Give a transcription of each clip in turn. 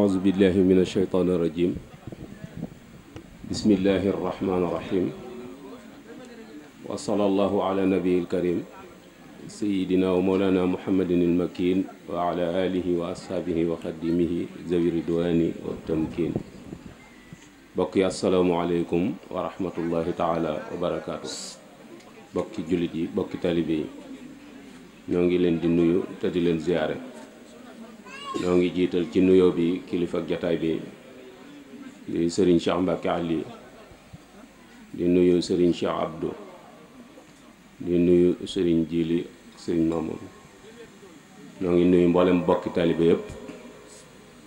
أعوذ بالله من الشيطان الرجيم بسم الله الرحمن الرحيم وصلى الله على نبي الكريم سيدنا ومولانا محمد المكين وعلى آله وأصحابه وخدمه ذوي الرضوان والتمكين بقي السلام عليكم ورحمة الله تعالى وبركاته بقي جلدي بقي طالبي ñoo ngi leen di nuyu te di leen ziyaare ñoo ngi jiital ci nuyoo bi kilifa ak jataay bi di sëriñ Cheikh Mbacke Ali di nuyu sëriñ Cheikh Abdou di nuyu sëriñ Jili sëriñ Mamoun ñoo ngi nuyu mboolem bokki taalibe yëpp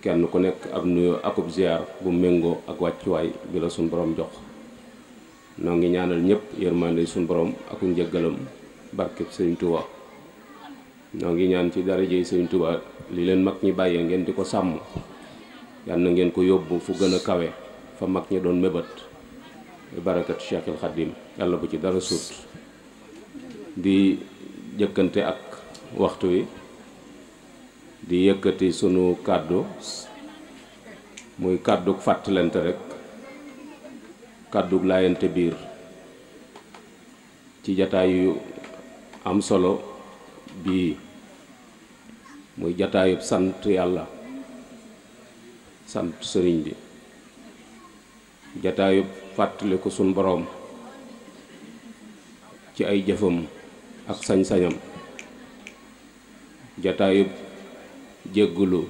kenn ku nekk ab nuyoo akub ziar bu méngoo ak wàccuwaay bi la suñ borom jox noo ngi ñaanal ñëpp yërmande suñ borom aku njëggalam barkeb sëriñ Touba ñoo ngi ñaan ci daraje sëñ Tuubaa li leen mag ñi bàyyee ngeen di ko sàmm yal na ngeen ko yóbbu fu gën kawe fa mag ñi doon mébét barakat Cheikhul Khadim yàlla bu ci dara suut di jëkkante ak waxtu wi di yëkkati sunu kàddu muy kàddug fàttalante rekk kàddug laayante biir ci jataay yu am solo bii muy jataayub sant yàlla sant sëriñ bi jataayub fàttali ko suñ boroom ci ay jëfam ak sañ-sañam jataayub jéggulu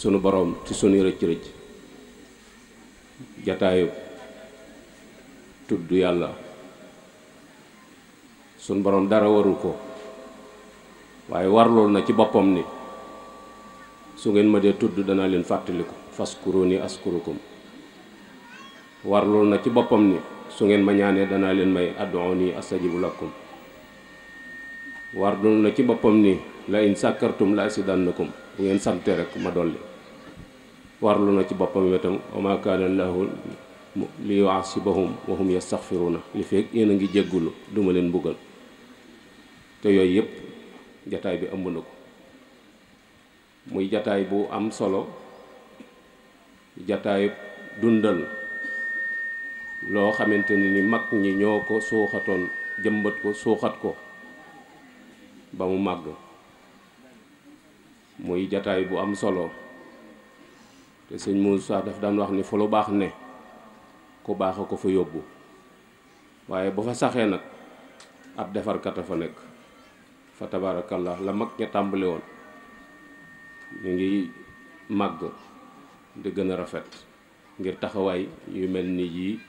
sunu borom ci sunu rëcc-rëcc jataayub tudd yàlla sunu boroom dara warul ko waaye warlool na ci boppam ni su ngeen ma dee tudd danaa leen fàttaliku faskuruni askurukum warlool na ci boppam ni su ngeen ma ñaanee danaa leen may nii ad'uni astajibu lakum warlool na ci boppam ni la in sàkkartum la asidannakum bu ngeen sante rek ma dolli warlu na ci boppam itam wa ma kaana lahu li yu'asibahum wa hum yastaghfiruna li fekk yéen a ngi jéggulu duma leen mbugal te yooyu yëpp jataay bi ëmb na ko muy jataay bu am solo jataay dundal loo xamante ni ni mag ñi ñoo ko suuxatoon jëmbat ko suuxat ko ba mu màgg muy jataay bu am solo te sëñ Moussa daf daan wax ni fu lu baax ne ku baax a ko fa yóbbu waaye ba fa saxee nag ab defarkat a fa nekk fa tabaarakallah la mag ña tàmbaliwoon mu ngi màgg di gën a rafet ngir taxawaay yu mel ni yi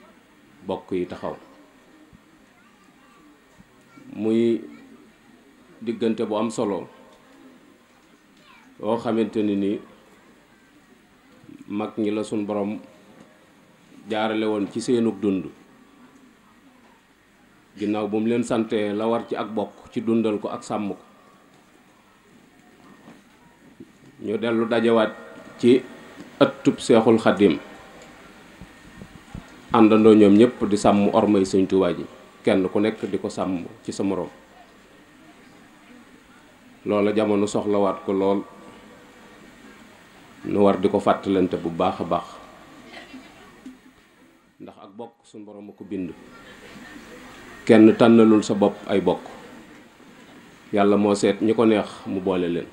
bokk yi taxaw muy diggante bu am solo boo xamante ni ni mag ñi la suñ boroom jaarale woon ci seenug dund ginnaaw bu mu leen sante la war ci ak bokk ci dundal ko ak sàmm ko ñu dellu dajawaat ci ëttub seexul xaddim àndandoo ñoom ñëpp di sàmm ormay sëñ Tuubaa ji kenn ku nekk di ko sàmm ci sa moroom loola jamono soxlawaat ko lool nu war di ko fàttalante bu baax a baax ndax ak bokk suñ borom ko bind kenn tànnalul sa bopp ay bokk yàlla moo seet ñi ko neex mu boole leen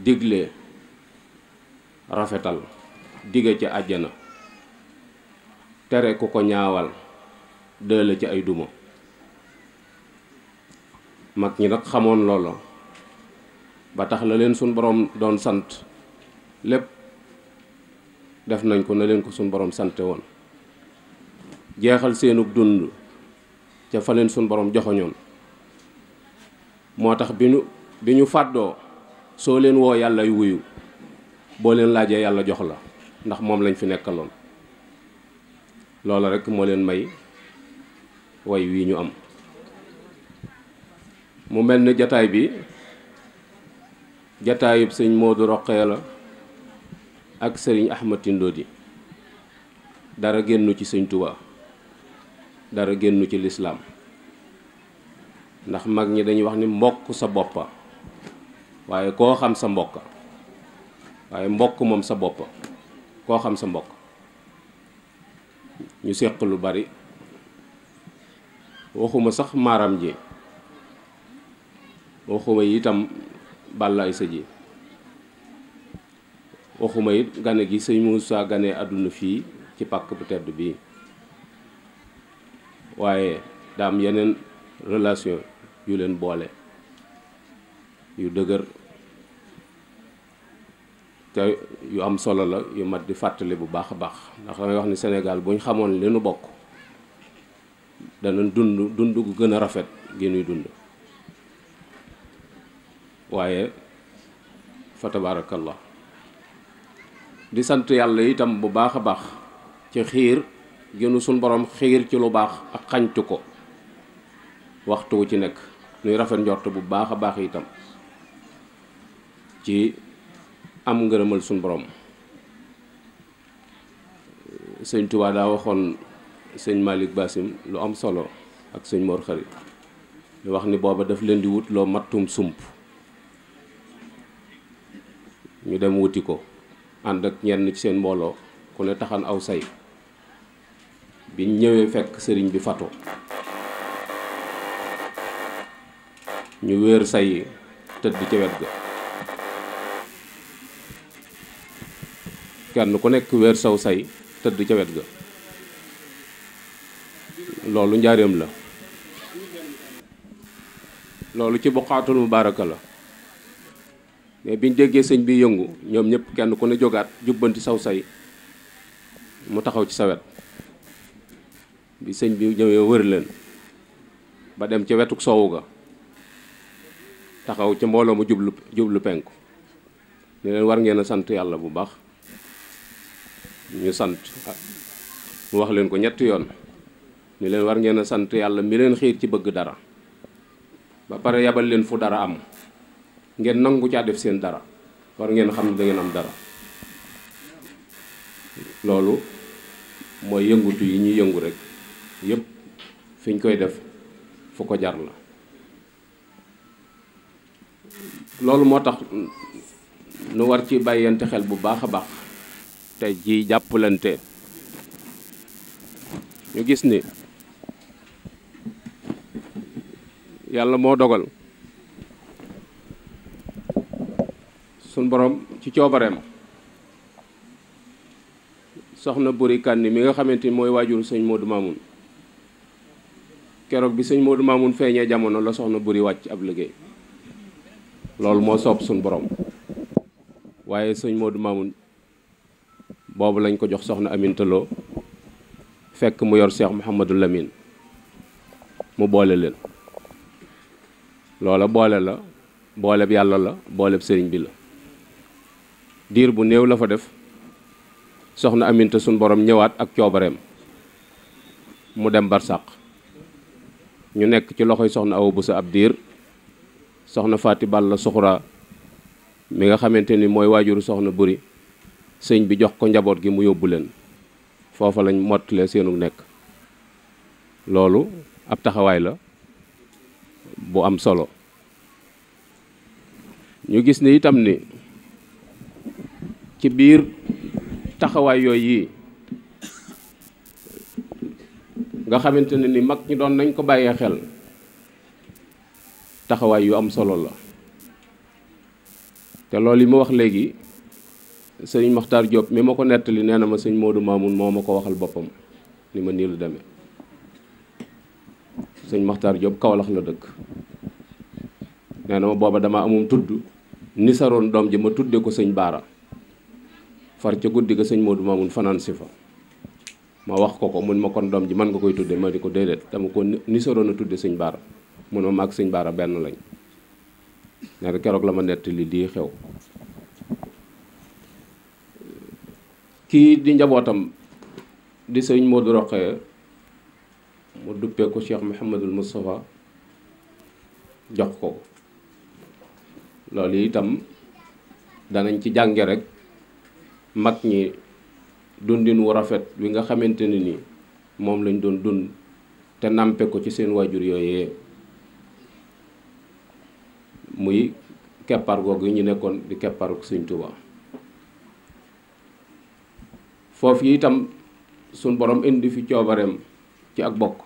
digle rafetal dige ca àjjana tere ku ko ñaawal dële ci ay duma mag ñi nag xamoon loola ba tax la leen suñ boroom doon sant lépp def nañ ko na leen ko suñ borom sante woon jeexal seenug dund ca fa leen suñ boroom joxoñoon moo tax bi ñu bi ñu fàddoo soo leen woo yàlla wuyu boo leen laajee yàlla jox la ndax moom lañ fi nekkaloon loola rekk moo leen may way wii ñu am mu mel ni jataay bi jataayub sëñ Modou Rokhaya la ak sëriñ Ahmad Tindodi dara génnu ci sëñ Tuubaa dara génnu ci lislaam ndax mag ñi dañuy wax ni mbokk sa boppa waaye koo xam sa mbokk waaye mbokk moom sa bopp koo xam sa mbokk ñu seq lu bari waxuma sax maaram ji waxuma itam bàllaay sa ji waxuma it gane gi sëñ Moussa gane àdduna fii ci pàkk bu tedd bii waaye daam yeneen relation yu leen boole yu dëgër te yu am solo la yu mat di fàttali bu baax a baax ndax damay wax ni senegaal bu xamoon li nu bokk dana dund dund gu gën a rafet gi nuy dund waaye fa tabaarakallah di sant yàlla itam bu baax a baax ci xiir gënu suñ boroom xiir ci lu baax ak xañtu ko waxtu wu ci nekk nuy rafet njort bu baax a baax itam ci am ngërëmal suñ borom sëñ daa waxoon sëñ Malick Basim lu am solo ak sëñ Mor Xari lu wax ni booba daf leen di wut loo mattum sump ñu dem wuti ko ànd ak ñenn ci seen mbooloo ku ne taxan aw say biñ ñëwee fekk sëriñ bi fato ñu wéer say tëdd ca wet ga kenn ku nekk weer saw say tëdd ca wet ga loolu njaareem la loolu ci buqaatul mubaaraka la mais biñ déggee sëñ bi yëngu ñoom ñëpp kenn ku ne jógaat jubbanti saw say mu taxaw ci sa wet bi sëñ bi ñëwee wër leen ba dem ca wetuk soowu ga taxaw ca mbooloo mu jublu jublu penku ne leen war ngeen a sant yàlla bu baax ñu sant mu wax leen ko ñetti yoon ni leen war ngeen a sant yàlla mi leen xiir ci bëgg dara ba pare yabal leen fu dara am ngeen nangu caa def seen dara war ngeen xam ne dangeen am dara loolu mooy yëngutu yi ñuy yëngu rek yépp fi ñu koy def fu ko jar la loolu moo tax nu war ci bàyyante xel bu baax a baax tey jii jàppalante ñu gis ni yàlla moo dogal suñ boroom ci coobareem soxna Buri Kànni mi nga xamante ni mooy waajur sëñ moodu Mamoun keroog bi sëñ Modou Mamoun feeñee jamono la soxna Buri wàcc ab liggéey loolu moo soob suñ borom waaye sëñ Modou Mamoun boobu lañ ko jox soxna Aminta Lo fekk mu yor Cheikh Mouhamadou Lamine mu boole leen loola boole la booleb yàlla la booleb sëriñ bi la diir bu néew la fa def soxna Aminta suñ borom ñëwaat ak coobareem mu dem barsàq ñu nekk ci loxoy soxna Awa Boussa ab diir soxna Faati Balla Suxura mi nga xamante ni mooy waajuru soxna Buri sëñ bi jox ko njaboot gi mu yóbbu leen foofa lañ mottalee seenu nekk loolu ab taxawaay la bu am solo ñu gis ni itam ni ci biir taxawaay yooyu yi nga xamante ne ni mag ñi doon nañ ko bàyyee xel taxawaay yu am solo la te loolu yi mu wax léegi sëñ Mokhtar Diop mi ma ko nettali nee na ma sëñ Modou Mamoun moo ma ko waxal boppam ni ma nii lu demee sëñ maxtar Diop Kawlax la dëkk nee na ma booba dama amum tudd ni saroon doom ji ma tuddee ko sëñ Baara far ca guddi ga sëñ Modou Mamoun fanaan si fa ma wax ko ko mun ma kon doom ji man nga koy tudde ma di ko déedéet dama ko ni saroon a tudde sëñ Baara mun ma maag sëñ Baara benn lañ nee keroog la ma nettali lii xew kii di njabootam di sëñ Modou Rokhaya mu duppee ko Cheikh Mouhamadul Moustapha jox ko loolu itam danañ ci jànge rekk mag ñi dundin wu rafet wi nga xamante ne ni moom lañ doon dund te nampe ci seen waajur yooyee muy keppaar googu ñu nekkoon di keppaaru Sëñ Tuubaa foofu tam suñ borom indi fi coobareem ci ak bokk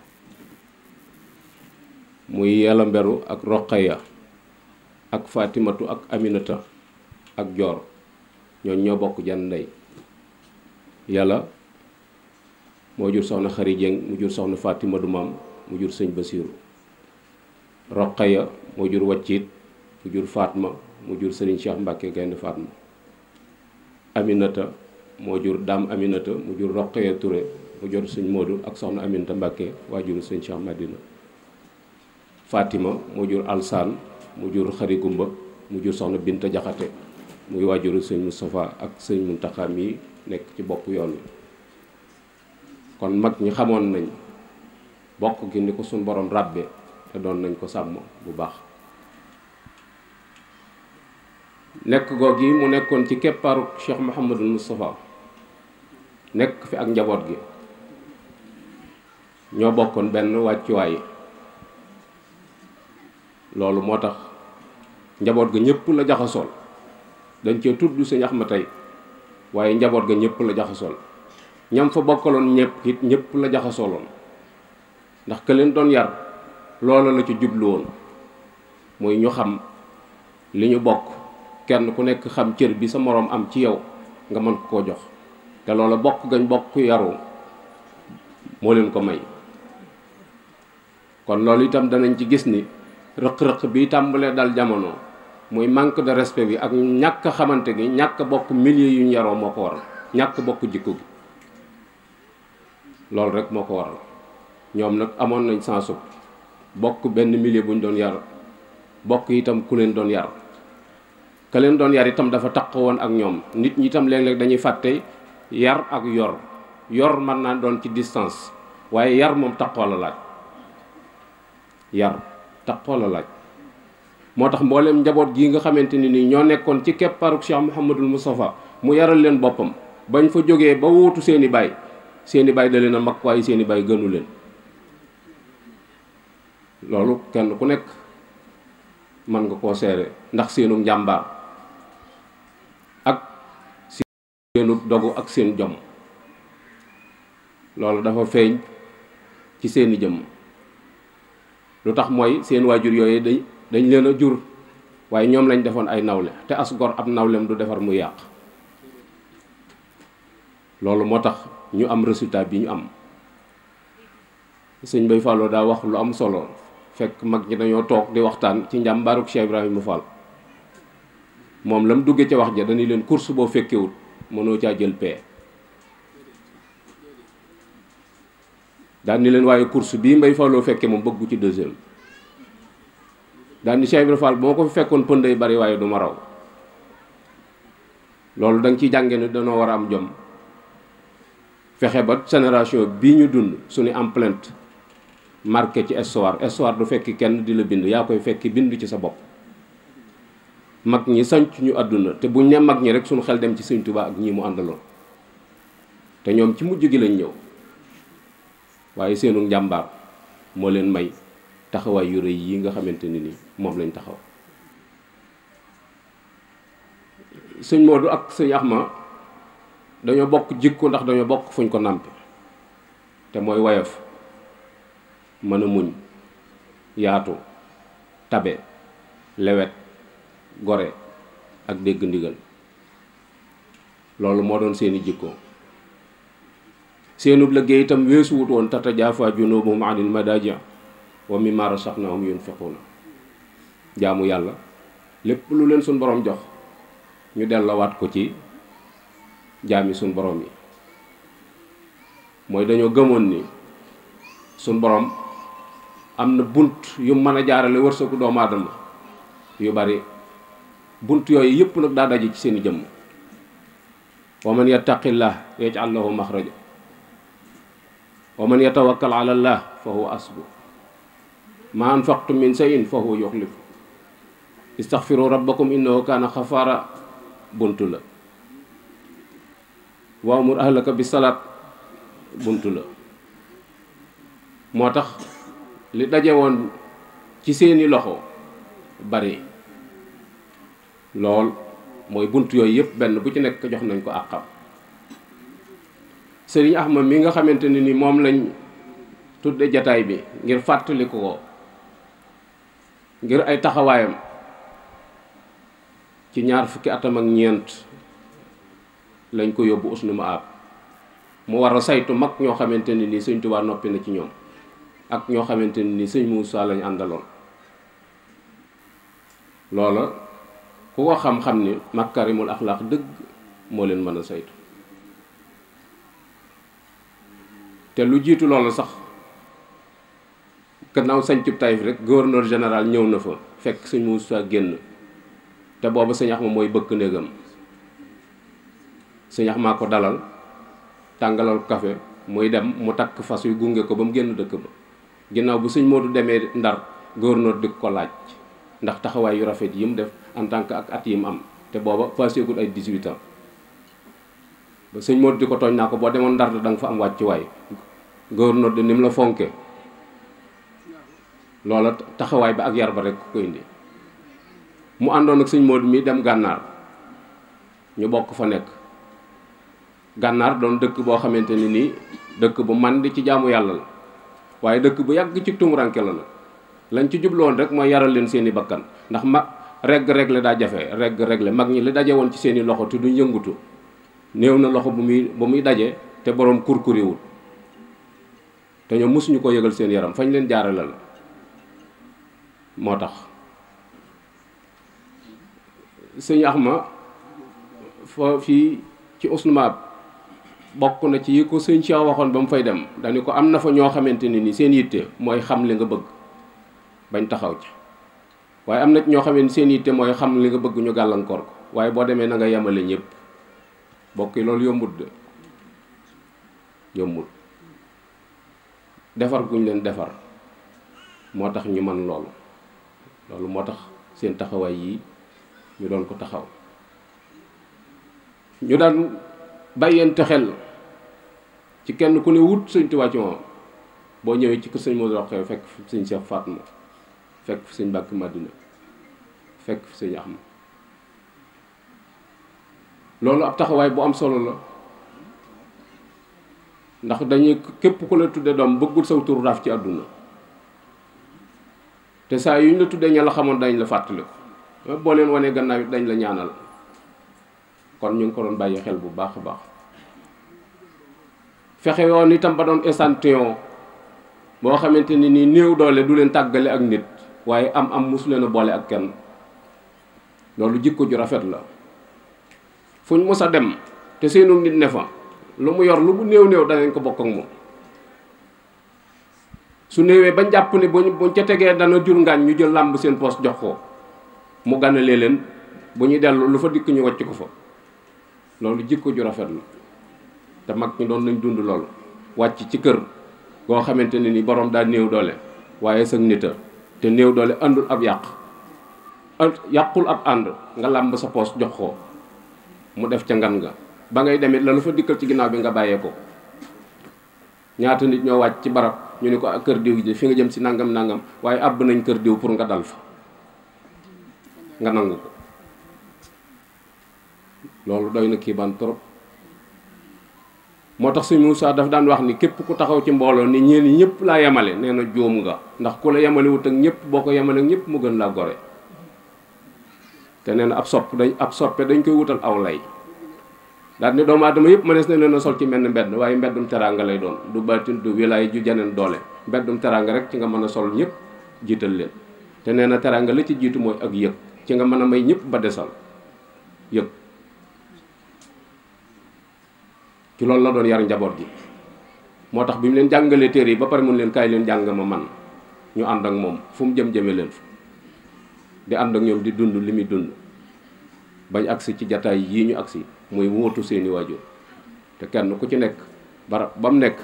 muy yàlla mberu ak roqaya ak faatimatu ak aminata ak joor ñooñ ñoo bokk jand ndey yàlla moo jur soxna xari mu jur soxna fatima du maam mu jur sëñ basiiru roqaya moo jur wacciit mu jur faatma mu jur sëriñ cheikh mbàkke gaynde faatma aminata moo jur Dame Aminata mu jur Roqaya Touré mu jot suñ Modou ak soxna Aminata Mbacke waajur suñ Cheikh Madina faatima moo jur Alsaan mu jur Xari Gumba mu jur soxna Binta Jaxate muy waajuru suñ Moustapha ak suñ Muntaxa mi nekk ci bopp yoon wi kon mag ñi xamoon nañ bokk gi ni ko suñ boroom ràbbe te doon nañ ko sàmm bu baax nekk googi mu nekkoon ci keppaaru Cheikh Mouhamadul Moustapha nekk fi ak njaboot gi ñoo bokkoon benn wàccuwaay loolu moo tax njaboot ga ñëpp la jaxasool dañ cee tudd sëñ ma tey waaye njaboot ga ñëpp la jaxasool ñam fa bokkaloon ñëpp it ñëpp la jaxasooloon ndax ka leen doon yar loola la ci jublu woon muy ñu xam li ñu bokk kenn ku nekk xam cër bi sa moroom am ci yow nga mën koo jox te loola bokk gañ bokk yaru moo leen ko may kon loolu itam danañ ci gis ni rëq-rëq bi tàmbalee dal jamono muy manque de respect bi ak ñàkk xamante gi ñàkk bokk milieu yu ñu yaroo moo ko waral ñàkk bokk jikko loolu rek moo ko waral ñoom nag amoon nañ sensu bokk benn milieu bu ñu doon yar bokk itam ku leen doon yar ka leen doon yar itam dafa taq woon ak ñoom nit ñi itam léeg-léeg dañuy fàtte yar ak yor yor mën naa doon ci distance waaye yar moom taqoo la laaj yar taqoo la laaj moo tax mboolem njaboot gi nga xamante ni nii ñoo nekkoon ci kepparuk Cheikh Mouhamadul Moustapha mu yaral leen boppam bañ fa jógee ba wóotu seeni baay seeni i baay da leen a mag waaye seeni i baay gënu leen loolu kenn ku nekk mën nga koo seere ndax seenu njàmbaar seenu dogu ak seen jom loolu dafa feeñ ci seeni jëmm lu tax mooy seen waajur yooyu dañ dañ leen a jur waaye ñoom lañ defoon ay nawle te as gor ab nawlem du defar mu yàq loolu moo tax ñu am resultat bi ñu am sëñ Bay faloo daa wax lu am solo fekk mag ñi dañoo toog di waxtaan ci njàmbaaruk Cheikh Ibrahima fal moom la mu duggee ca wax ja dañuy leen course boo fekkewut mënoo caa jël paie daan ni leen waaye course bii mbay faaloo fekkee moom bëggu ci deuxième daan ni Cheikh Ibra Fall boo ko fekkoon pënd yu bari waaye duma raw loolu danga nga ciy jàngee ni danoo war a am jom fexe ba génération bii ñu dund suñu empreinte marqué ci histoire histoire du fekk kenn di la bind yaa koy fekk bind ci sa bopp. mag ñi sanc ñu àdduna te buñ ne mag ñi rek suñu xel dem ci sëñ Tuubaa ak ñii mu àndaloon te ñoom ci mujj gi lañ ñëw waaye seenu njàmbaar moo leen may taxawaay yu rëy yi nga xamante ne ni moom lañ taxaw sëñ Modou ak sëñ Axma dañoo bokk jikko ndax dañoo bokk fuñ ko nàmpe te mooy woyof mën a muñ yaatu tabe lewet gore ak dégg ndigal loolu moo doon seeni jikkoo seenub liggéey itam weesuwut woon tatajaafa junubuhum anil madaaji wa mimma rasaqnahum yunfiquuna jaamu yàlla lépp lu leen suñ boroom jox ñu dellowaat ko ci jaami suñ borom yi mooy dañoo gëmoon ni suñ boroom am na bunt yu mën a jaarale wërsëgu doomu yu bari bunt yooyu yëpp nag daa daje ci seen i jëmm wa man yattaqillah yaj'al lahu maxraja wa man yatawakkal ala allah fa huwa asbu ma anfaqtu min shay'in fa huwa yuxlif istaxfiru rabbakum innahu kaana xafaara buntu la wa amur ahlaka bi salaat buntu la moo tax li daje woon ci seeni loxo bari lool mooy bunt yooyu yëpp benn bu ci nekk jox nañ ko àqam sëriñ Axma mi nga xamante ne ni moom lañ tudde jataay bi ngir fàttaliku ko ngir ay taxawaayam ci ñaar fukki atam ak ñeent lañ ko yóbbu usnu ma ab mu war a saytu mag ñoo xamante ne nii sëñ Tuubaa noppi na ci ñoom ak ñoo xamante ni nii sëñ Muusaa lañ àndaloon loola ku ko xam-xam ni makarimul axlaaq dëgg moo leen mën a saytu te lu jiitu loolu sax gannaaw sañcub Taif rek gouverneur général ñëw na fa fekk sëñ sa génn te booba sëñ Axma mooy bëkk néegam sëñ Axma ko dalal tàngalal café muy dem mu takk fas yu gunge ko ba mu génn dëkk ba ginnaaw bu sëñ Modou demee Ndar gouverneur dëkk ko laaj ndax taxawaay yu rafet yi mu def en tant que ak at yi mu am te booba faaseegul ay 18 ba sëñ Modou di ko tooñ naa ko boo demoon Ndar da nga fa am waay gouverneur de ni mu la fonke loola taxawaay ba ak yar ba rek ko indi mu àndoon ak sëñ Modou mi dem gànnaar ñu bokk fa nekk gànnaar doon dëkk boo xamante ni nii dëkk bu man di ci jaamu yàlla la waaye dëkk bu yàgg ci tumuranke la nag lañ ci jubloon rek mooy yaral leen seeni bakkan ndax ma rekk regg regle daa jafe regg regle mag ñi li daje woon ci seeni loxo te duñ yëngutu néew na loxo bu muy bu muy daje te boroom kurkuriwul te ñoom mosuñu ko yëgal seen yaram fañ leen jaarale la moo tax sëñ ma foo fii ci Usmaab bokk na ci yi ko sëñ Cheikh waxoon ba mu fay dem dañu ko am na fa ñoo xamante ne ni seen yitte mooy xam li nga bëgg bañ taxaw ci waaye am nag ñoo xam ne seen te mooy xam li nga bëgg ñu gàllankoor ko waaye boo demee na nga yemale ñëpp bokk loolu yombut de yombut defar guñ leen defar moo tax ñu man loolu loolu moo tax seen taxawaay yi ñu doon ko taxaw ñu daan bàyyente xel ci kenn ku ne wut sëñ Tuubaa ci moom boo ñëwee ci kër sëñ Modou Rokhaya fekk sëñ Cheikh Fatma fekk fu sëñ Mbàkke Madina fekk fu sëñ Axma loolu ab taxawaay bu am solo la ndax dañuy képp ku la tudde doom bëggul saw tur raaf ci àdduna te saa yuñ la tuddee ña la xamoon dañ la fàttaliku boo leen wonee gannaaw it dañ la ñaanal kon ñu ngi ko doon bàyyi xel bu baax a baax fexe yoon itam ba doon échantillon boo xamante ni nii néew doole du leen tàggale ak nit waaye am-am mosu a boole ak kenn loolu jikko ju rafet la fuñ mos a dem te seenum nit ne fa lu mu yor lu mu néew néew danañ ko bokk ak su néewee ba jàpp ne buñ ca tegee dana jur ngaañ ñu jël làmb seen poos jox ko mu gànnalee leen bu ñuy dellu lu fa dikk ñu wàcc ko fa loolu jikko ju rafet la te mag ñi doon nañ dund loolu wàcc ci kër goo xamante ne ni borom daa néew doole waaye sëg nita te néew doole àndul ab yàq yàqul ab ànd nga làmb sa poos jox ko mu def ca ngan nga ba ngay demit la fa dikkal ci ginnaaw bi nga bàyyee ko ñaata nit ñoo wàcc ci barab ñu ni ko ah, kër diw ji fi nga jëm si nangam nangam waaye àbb nañ kër diw pour nga dal fa nga nangu ko loolu doy na kii trop moo tax sëñ Moussa daf daan wax ni képp ku taxaw ci mbooloo ni ñeen ñëpp laa yemale nee na juum nga ndax ku la yemale wut ak ñëpp boo ko yemale ak ñëpp mu gën laa gore te nee na ab sopp dañ ab soppe dañ koy wutal aw lay daal ne doomu aadama yëpp mënees na leen a sol ci mel ni mbedd waaye mbeddum teraanga lay doon du baatin du wilaay ju jeneen doole mbeddum teraanga rek ci nga mën a sol ñëpp jiital leen te nee na teraanga la ci jiitu mooy ak yëg ci nga mën a may ñëpp ba desal ci loolu la doon yar njaboot gi moo tax bi mu leen jàngalee téere yi ba pare mun leen kaay leen jàng man ñu ànd ak moom fu mu jëm jëme leen fa di ànd ak ñoom di dund li muy dund bañ agsi ci jataay yii ñu agsi muy wóotu seeni waajur te kenn ku ci nekk barab ba mu nekk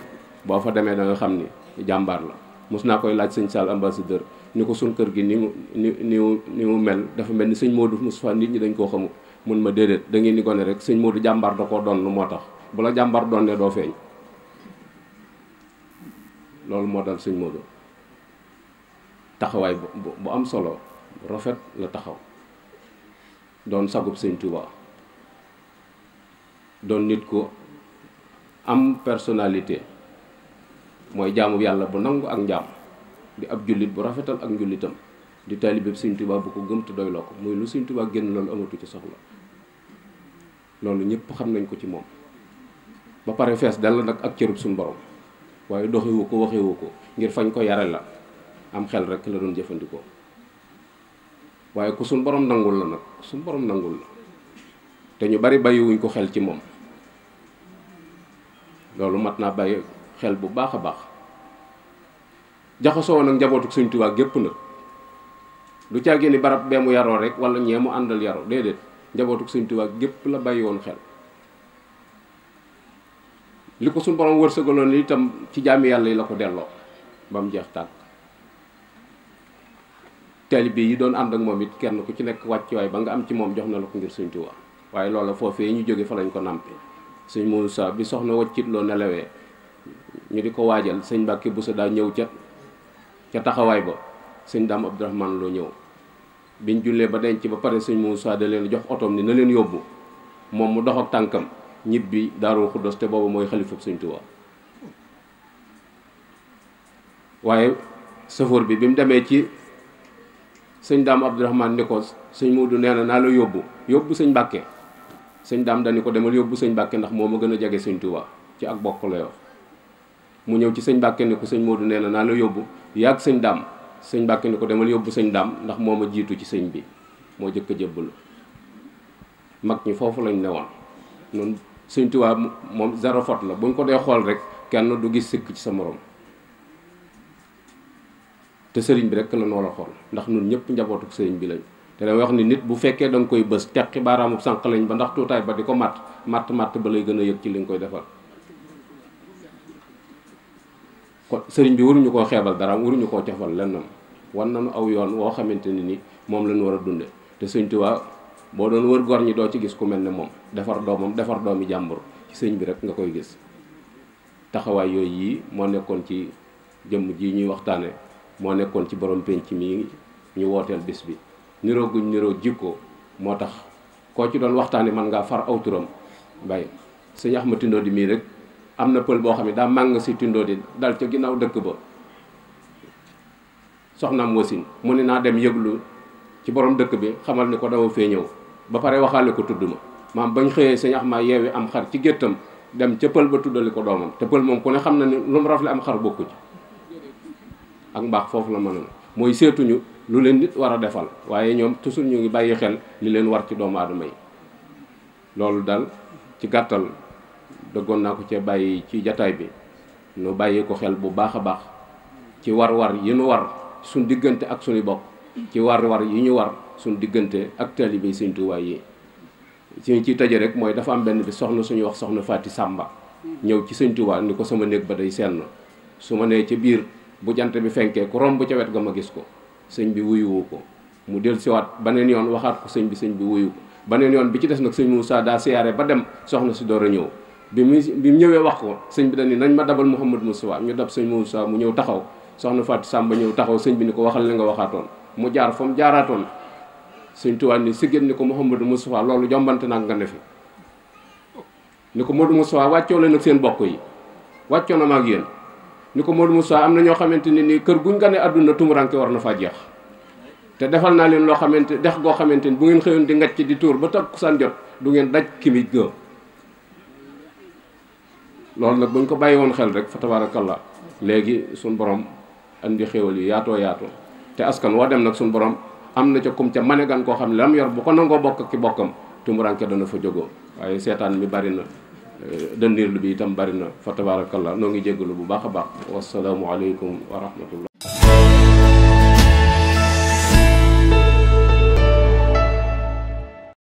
boo fa demee da nga xam ni jàmbaar la mus naa koy laaj sëñ Sall ambassadeur ni ko suñ kër gi ni mu ni ni ni mu mel dafa mel ni sëñ Modou Moustapha nit ñi dañ koo xamul mun ma déedéet da ngeen di gone rek sëñ Modou jàmbaar da koo doon moo tax bu la jàmbar doonde doo feeñ loolu moo dal sëñ Modou taxawaay bu am solo rafet la taxaw doon sagub sëñ Touba doon nit ko am personnalité mooy jaamu yàlla bu nangu ak njaam di ab jullit bu rafetal ak njullitam di taalibeeb sëñ Touba bu ko gëm te doyloo ko muy lu sëñ Touba génn loolu amatu ci soxla loolu ñëpp xam nañ ko ci moom ba pare fees la nag ak cëru suñu borom waaye doxewu ko waxewu ko ngir fañ ko yare la am xel rek la doon jëfandikoo waaye ku suñu borom nangul la nag suñu borom nangul la te ñu bari bàyyiwuñ ko xel ci moom loolu mat naa bàyyi xel bu baax a baax jaxasoo nag njabootu suñ Tuubaa gépp nag lu caagee ni barab bee mu yaroo rek wala ñee mu àndal yaroo déedéet njabootu suñ Tuubaa gépp la bàyyi woon xel li ko suñu borom wërsëgaloon itam ci jaami yàlla yi la ko delloo ba mu jeex tàkk taalibe yi doon ànd ak moom it kenn ku ci nekk wàccuwaay ba nga am ci moom jox na la ko ngir Sëñ Tuubaa waaye loola foofu foofee ñu jóge fa lañ ko nampé sëñ Moussa bi soxna waccit loo nelawee ñu di ko waajal sëñ Mbàkke Buso daa ñëw ca ca taxawaay ba sëñ Daam Abdourahman loo ñëw biñ jullee ba denc ba pare sëñ Moussa da leen jox otoom ni na leen yóbbu moom mu dox tànkam ñibbi Daarul Xuddos te boobu mooy xalifab Sëñ Tuubaa waaye safoor bi bi mu demee ci sëñ daam Abdourahmane ni ko sëñ Muudu nee na naa la yóbbu yóbbu sëñ bàkke sëñ daam dañu ko demal yóbbu sëñ Mbàkke ndax moo ma gën a jege Sëñ Tuubaa ci ak bokk la yoo mu ñëw ci sëñ Mbàkke sëñ Muudu nee na naa la yóbbu yàgg sëñ daam sëñ Mbàkke ko demal yóbbu sëñ daam ndax moo ma jiitu ci sëñ bi moo jëkk a jébbalu mag ñi foofu lañ newoon noonu Sëñ Tuubaa moom zéro faute la buñ ko dee xool rek kenn du gis sëkk ci sa morom te sëriñ bi rek la noo la xool ndax ñun ñëpp njabootu sëriñ bi lañ te dama wax ni nit bu fekkee da nga koy bës teqi baaraamu sànq lañ ba ndax tuutaay ba di ko màtt màtt màtt ba lay gën a yëg ci li nga koy defal kon sëriñ bi waruñu koo xeebal dara waruñu koo cofal lennam wan nañu aw yoon woo xamante ne ni moom lañu war a dunde te Sëñ Tuubaa boo doon wër gor ñi doo ci gis ku mel ne moom defar doomam defar doomi jàmbur ci sëñ bi rek nga koy gis taxawaay yooyu yii moo nekkoon ci jëmm ji ñuy waxtaane moo nekkoon ci borom penc mi ñu wooteel bis bi niroo guñ niroo jikko moo tax koo ci doon waxtaane man ngaa far aw turam bay sëñ Axma Tindodi mii rek am na pël boo xam ne daa màng si Tindodi dal ca ginnaaw dëkk ba soxnaam wasin mu ne naa dem yëglu ci borom dëkk bi xamal ni ko dama fee ñëw ba pare waxaale ko tudd ma maam bañ xëyee sëñ Axma yeewi am xar ci géttam dem ca pël ba tuddali ko doomam te pël moom ku ne xam na ne lu mu rafle am xar bokku ci ak mbaax foofu la mën a mooy seetuñu lu leen nit war a defal waaye ñoom toujours ñu ngi bàyyi xel li leen war ci doomu aadama yi loolu dal ci gàttal dëggoon naa ko cee bàyyi ci jataay bi nu bàyyi ko xel bu baax a baax ci war war yi nu war suñ diggante ak suñu bokk ci war war yi ñu war suñ diggante ak taalibe yi Sëñ Tuubaa yi suñ ciy taje rek mooy dafa am benn bi soxna suñu wax soxna Faati Sàmba ñëw ci Sëñ ni ko sama néeg ba day senn su ma nee ci biir bu bi fenkee ku romb ca wet ga ma gis ko sëñ bi wuyuwu ko mu del siwaat baneen yoon waxaat sëñ bi sëñ bi wuyu ko yoon bi ci des nag sëñ Moussa daa siyaare ba dem soxna si door a ñëw bi mu bi ñëwee wax ko sëñ bi dañu nañ ma dabal Mouhamadou Moustapha ñu dab sëñ Moussa mu ñëw taxaw soxna Fatou Samba ñëw taxaw sëñ bi ni ko waxal li nga waxaatoon mu jaar fa mu jaaraatoon sëñ Tuubaa ni siggéen ni ko Mouhamadou Moustapha loolu jombante nag nga ne fi ni ko Modou Moustapha wàccoo leen ak seen bokk yi wàccoo na ma ak yéen ni ko Modou Moustapha am na ñoo xamante ne nii kër guñ gane àdduna tumuranke war na faa jeex te defal naa leen loo xamante dex goo xamante ni bu ngeen xëyoon di ngacc di tuur ba takkusaan jot du ngeen daj kimi gëm loolu nag buñ ko bàyyi woon xel rek fa tabarakallah léegi suñ boroom andi xéwal yaatoo yaatoo te askan woo dem nag suñ borom am na ca kum ca manegan koo xam ne la yor bu ko nangoo bokk ki bokkam tumuranke dana fa jógoo waaye seetaan mi bari na eh, dëndiir lu bi itam bari na fa tabarakallah noo ngi jéggalu bu baax a baax wasalaamu aleykum wa rahmatullah